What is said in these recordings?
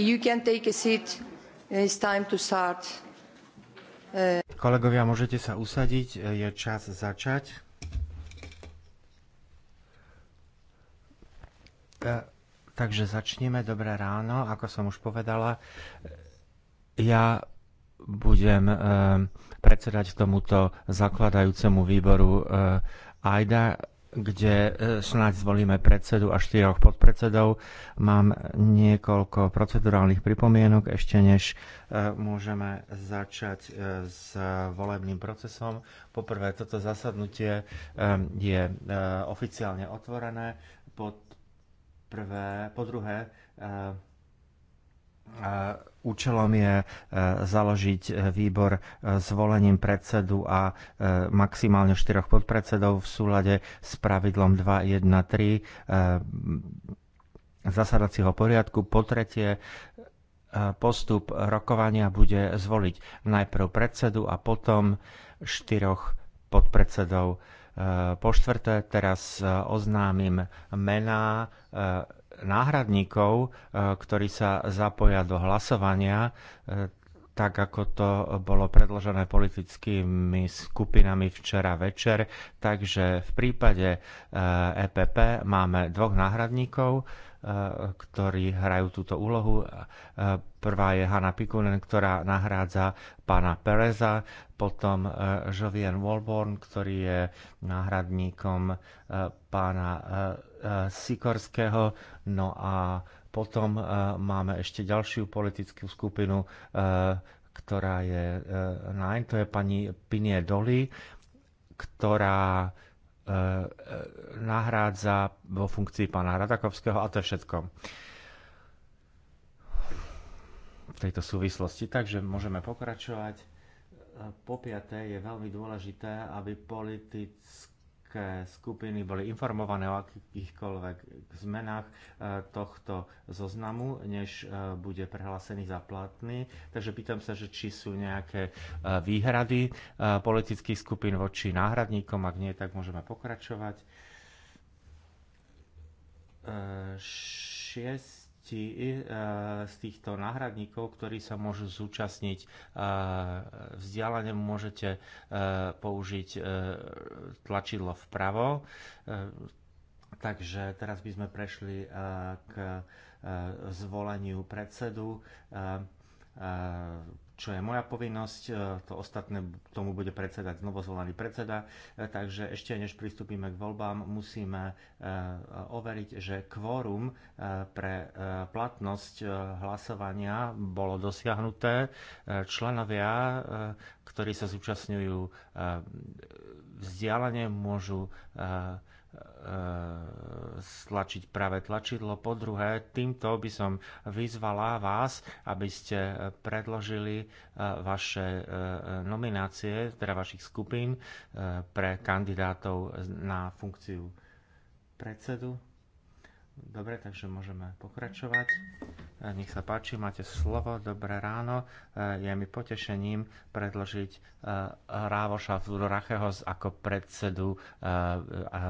You can take a seat. It's time to start. Kolegovia, môžete sa usadiť, je čas začať. E, takže začneme, dobré ráno, ako som už povedala. Ja budem e, predsedať tomuto zakladajúcemu výboru e, AIDA kde e, snáď zvolíme predsedu a štyroch podpredsedov. Mám niekoľko procedurálnych pripomienok, ešte než e, môžeme začať e, s volebným procesom. Poprvé, toto zasadnutie je oficiálne otvorené. Po, prvé, po druhé, E, účelom je e, založiť e, výbor zvolením predsedu a maximálne štyroch podpredsedov v súlade s pravidlom 2.1.3 zasadacieho poriadku. Po tretie, postup rokovania bude zvoliť najprv predsedu a potom štyroch podpredsedov. Po štvrté, teraz oznámim mená náhradníkov, e, ktorí sa zapoja do hlasovania, e, tak ako to bolo predložené politickými skupinami včera večer. Takže v prípade EPP e máme dvoch náhradníkov, e, ktorí hrajú túto úlohu. E, prvá je Hanna Pikunen, ktorá nahrádza pána Pereza, potom Jovian Walborn, ktorý je náhradníkom pána Sikorského, no a potom e, máme ešte ďalšiu politickú skupinu, e, ktorá je e, naň, to je pani Pinie Doli, ktorá nahrádza vo funkcii pána Radakovského a to je všetko v tejto súvislosti. Takže môžeme pokračovať. Po piaté je veľmi dôležité, aby politické politické skupiny boli informované o akýchkoľvek zmenách e, tohto zoznamu, než e, bude prehlásený za platný. Takže pýtam sa, že či sú nejaké e, výhrady politických skupín voči náhradníkom. Ak nie, tak môžeme pokračovať. 6 možnosti e, z týchto náhradníkov, ktorí sa môžu zúčastniť e, vzdialenie, môžete e, použiť tlačidlo vpravo. Takže teraz by sme prešli k zvoleniu predsedu. Eh, čo je moja povinnosť, eh, to ostatné tomu bude predsedať znovozvolený predseda, eh, takže ešte než pristúpime k voľbám, musíme overiť, že kvórum pre platnosť hlasovania bolo dosiahnuté. Členovia, ktorí sa zúčastňujú vzdialenie, môžu stlačiť práve tlačidlo. Po druhé, týmto by som vyzvala vás, aby ste e, predložili e, vaše e, nominácie, teda vašich skupín pre kandidátov na funkciu predsedu Dobre, takže môžeme pokračovať. E, nech sa páči, máte slovo. Dobré ráno. E, je mi potešením predložiť e, Rávoša Racheho ako predsedu,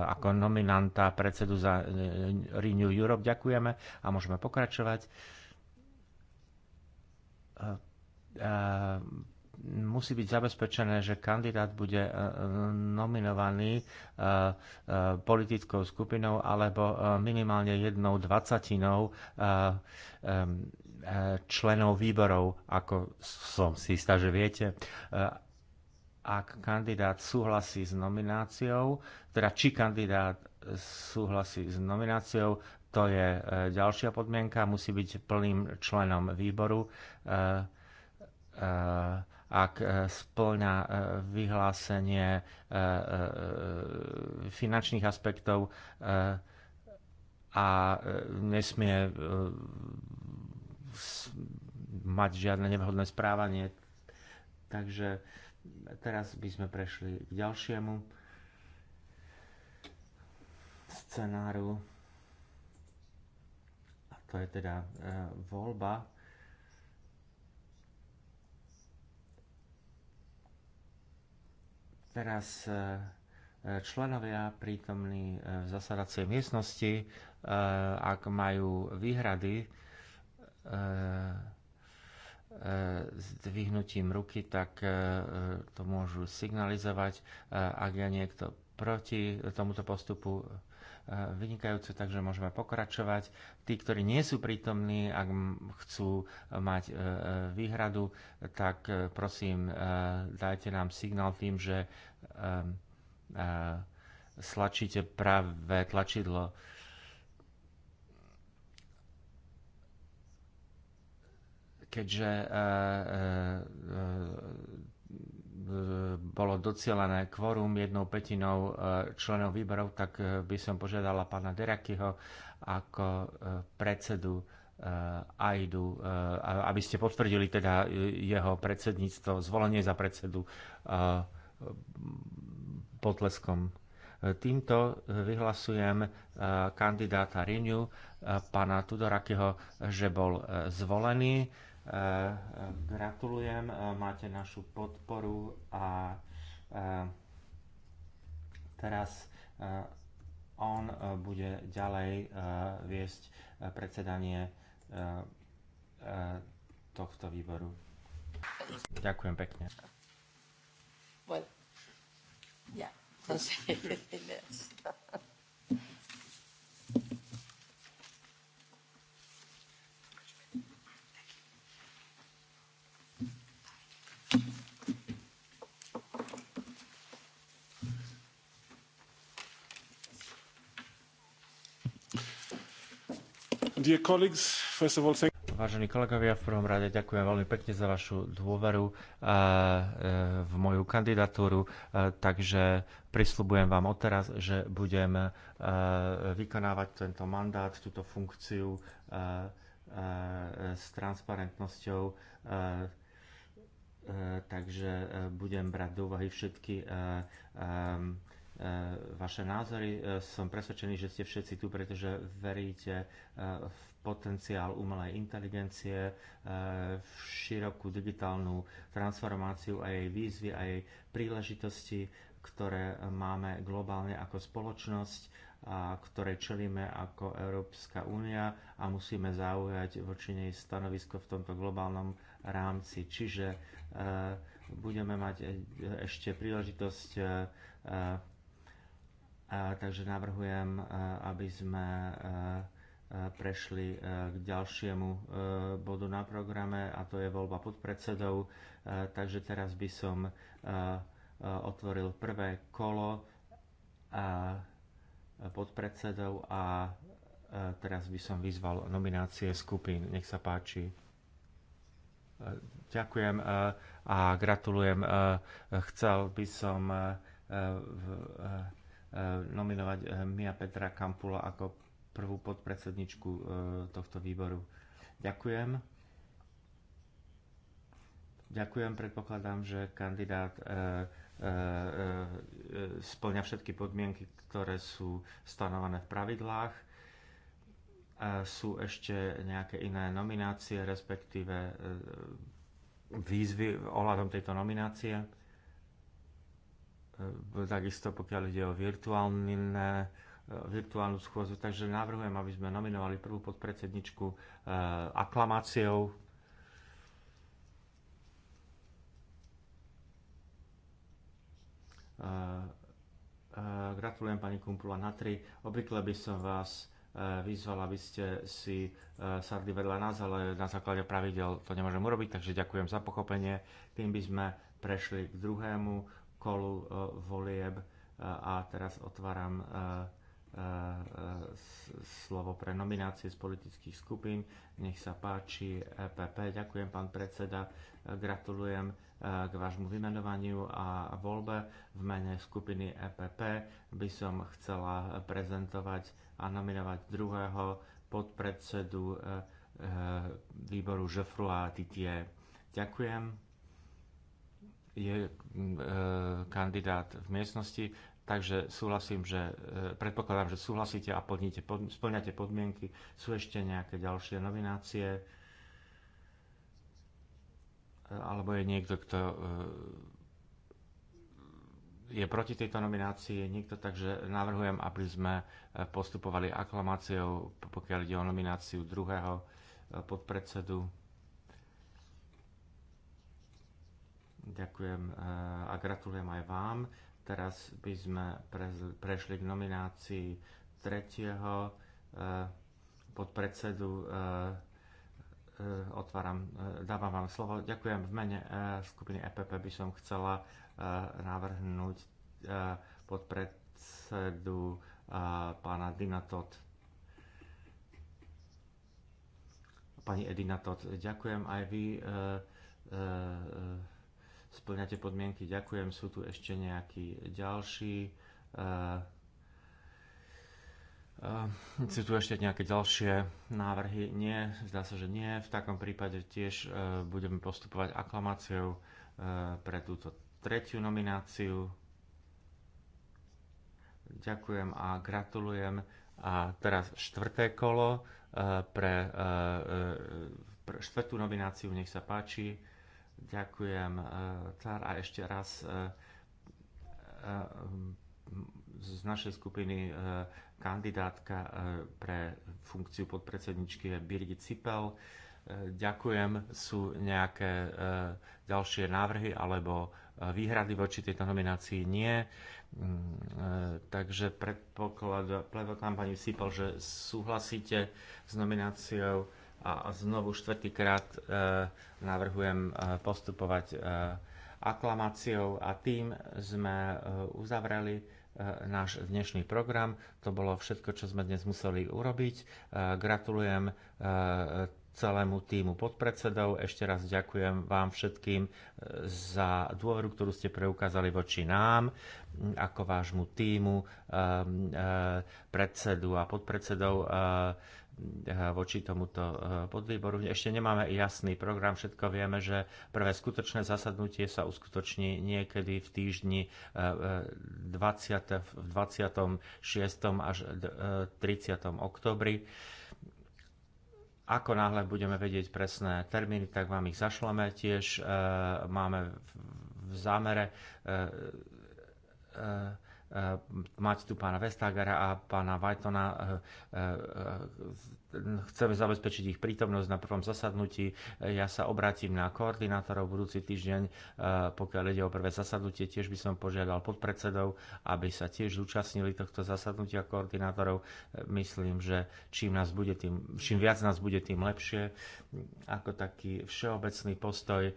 ako nominanta predsedu za Renew Europe. Ďakujeme a môžeme pokračovať musí byť zabezpečené, že kandidát bude e, e, nominovaný e, politickou skupinou alebo minimálne jednou dvacatinou členov výborov, ako som si istá, že viete. Ak kandidát súhlasí s nomináciou, teda či kandidát súhlasí s nomináciou, to je ďalšia podmienka, musí byť plným členom výboru. Uh, ak e, splňa e, vyhlásenie e, finančných aspektov a nesmie mať žiadne nevhodné správanie. Takže teraz by sme prešli k ďalšiemu scenáru. A to je teda voľba Teraz e, e, členovia prítomní e, v zasadacej miestnosti, ak majú výhrady s dvihnutím ruky, tak to môžu signalizovať. Ak je niekto proti tomuto postupu, Eh, vynikajúce, takže môžeme pokračovať. Tí, ktorí nie sú prítomní, ak chcú eh, mať eh, výhradu, tak prosím, dajte nám signál tým, že slačíte práve tlačidlo. keďže E, bolo docielené kvorum jednou petinou e, členov výborov, tak e, by som požiadala pána Derakyho ako predsedu AIDu, aby ste potvrdili teda jeho predsedníctvo, zvolenie za predsedu potleskom. Týmto vyhlasujem kandidáta Riniu, pána Tudorakyho, že bol zvolený. Eh, gratulujem, eh, máte našu podporu a eh, teraz on bude ďalej viesť predsedanie tohto výboru. Ďakujem pekne. Well, yeah. Vážení kolegovia, v prvom rade ďakujem veľmi pekne za vašu dôveru e, v moju kandidatúru, e, takže prisľubujem vám odteraz, že budem e, vykonávať tento mandát, túto funkciu s transparentnosťou, takže budem brať do úvahy všetky E, vaše názory. E, som presvedčený, že ste všetci tu, pretože veríte e, v potenciál umelej inteligencie, v širokú digitálnu transformáciu a jej výzvy a jej príležitosti, ktoré máme globálne ako spoločnosť a ktoré čelíme ako Európska únia a musíme zaujať voči nej stanovisko v tomto globálnom rámci. Čiže budeme mať ešte príležitosť takže navrhujem, e, aby sme e, e, prešli k ďalšiemu bodu na programe a to je voľba podpredsedov. Takže teraz by som otvoril prvé kolo podpredsedov a teraz by som vyzval nominácie skupín. Nech sa páči. Ďakujem a gratulujem. Chcel by som Eh, nominovať eh, Mia Petra Kampula ako prvú podpredsedničku eh, tohto výboru. Ďakujem. Ďakujem, predpokladám, že kandidát splňa všetky podmienky, ktoré sú stanovené v pravidlách. Sú ešte nejaké iné nominácie, respektíve výzvy ohľadom tejto nominácie? takisto pokiaľ ide o virtuálne, virtuálnu schôzu. Takže navrhujem, aby sme nominovali prvú podpredsedničku eh, aklamáciou. Eh, eh, gratulujem pani Kumpula na tri. Obvykle by som vás vyzval, aby ste si sadli vedľa nás, ale na základe pravidel to nemôžem urobiť, takže ďakujem za pochopenie. Tým by sme prešli k druhému kolu e, volieb e, a teraz otváram e, slovo pre nominácie z politických skupín. Nech sa páči EPP. Ďakujem, pán predseda. Gratulujem k vášmu vymenovaniu a voľbe. V mene skupiny EPP by som chcela prezentovať a nominovať druhého podpredsedu výboru Žefru a Titie. Ďakujem je mm, e, kandidát v miestnosti, takže súhlasím, že e, predpokladám, že súhlasíte a podníte, pod, splňate podmienky. Sú ešte nejaké ďalšie nominácie. E, alebo je niekto, kto je proti tejto nominácii niekto, takže navrhujem, aby sme postupovali aklamáciou, pokiaľ ide o nomináciu druhého podpredsedu Ďakujem eh, a gratulujem aj vám. Teraz by sme prešli k nominácii tretieho eh, podpredsedu. Eh, otváram, dávam vám slovo. Ďakujem. V mene skupiny EPP by som chcela navrhnúť podpredsedu pána Dina Todd. Pani Edina Todd, ďakujem aj vy splňate podmienky. Ďakujem. Sú tu ešte nejakí ďalší. Uh, uh, sú tu ešte nejaké ďalšie návrhy? Nie, zdá sa, že nie. V takom prípade tiež uh, budeme postupovať aklamáciou pre túto tretiu nomináciu. Ďakujem a gratulujem. A teraz štvrté kolo pre, pre štvrtú nomináciu, nech sa páči. Ďakujem, Tar e, A ešte raz e, e, z našej skupiny kandidátka pre funkciu podpredsedničky je Birgit Cipel. Ďakujem. Sú nejaké ďalšie návrhy alebo výhrady voči tejto nominácii? Nie. Mm, takže predpokladám pani Cipel, že súhlasíte s nomináciou a znovu štvrtýkrát e, navrhujem e, postupovať e, aklamáciou a tým sme uzavreli náš dnešný program. To bolo všetko, čo sme dnes museli urobiť. Gratulujem celému týmu podpredsedov. Ešte raz ďakujem vám všetkým za dôveru, ktorú ste preukázali voči nám, ako vášmu týmu, predsedu a podpredsedov Eh, voči tomuto eh, podvýboru. Ešte nemáme jasný program, všetko vieme, že prvé skutočné zasadnutie sa uskutoční niekedy v týždni 20, eh, v 26. až 30. oktobri. Ako náhle budeme vedieť presné termíny, tak vám ich zašleme tiež. Máme v zámere mať tu pána Vestagera a pána Vajtona eh, eh, eh, chceme zabezpečiť ich prítomnosť na prvom zasadnutí. Ja sa obrátim na koordinátorov budúci týždeň, e, pokiaľ ide o prvé zasadnutie. Tiež by som požiadal podpredsedov, aby sa tiež zúčastnili tohto zasadnutia koordinátorov. E, myslím, že čím, nás bude, tým, čím viac nás bude, tým lepšie. Ako taký všeobecný postoj, e,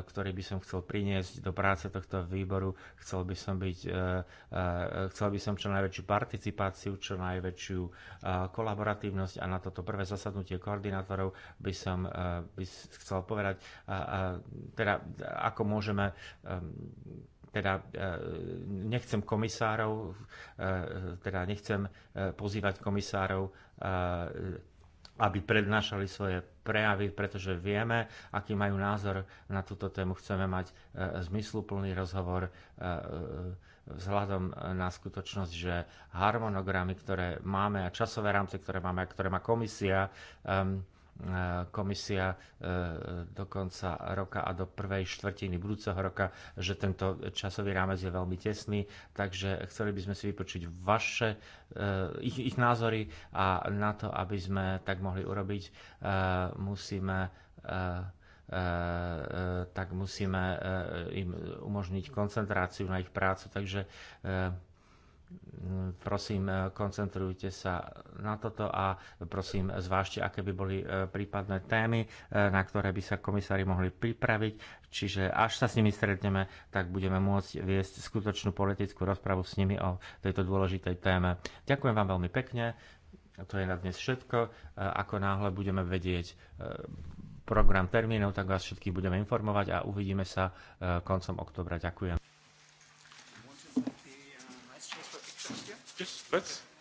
ktorý by som chcel priniesť do práce tohto výboru, chcel by som byť, chcel by som čo najväčšiu participáciu, čo najväčšiu kolaboratívnosť a na na toto prvé zasadnutie koordinátorov by som eh, by chcel povedať, teda ako môžeme ehm, teda, eh, eh, teda nechcem komisárov, teda nechcem pozývať komisárov, aby prednášali svoje prejavy, pretože vieme, aký majú názor na túto tému. Chceme mať zmysluplný rozhovor vzhľadom e, na skutočnosť, že harmonogramy, ktoré máme a časové rámce, ktoré máme a ktoré má komisia, um, komisia e, do konca roka a do prvej štvrtiny budúceho roka, že tento časový rámec je veľmi tesný, takže chceli by sme si vypočuť vaše, ich, ich názory a na to, aby sme tak mohli urobiť, musíme Eh, eh, tak musíme eh, im umožniť koncentráciu na ich prácu. Takže prosím, koncentrujte sa na toto a prosím, zvážte, aké by boli prípadné témy, na ktoré by sa komisári mohli pripraviť. Čiže až sa s nimi stretneme, tak budeme môcť viesť skutočnú politickú rozpravu s nimi o tejto dôležitej téme. Ďakujem vám veľmi pekne. To je na dnes všetko. Ako náhle budeme vedieť program termínov, tak vás všetkých budeme informovať a uvidíme sa e, koncom oktobra. Ďakujem. Yes,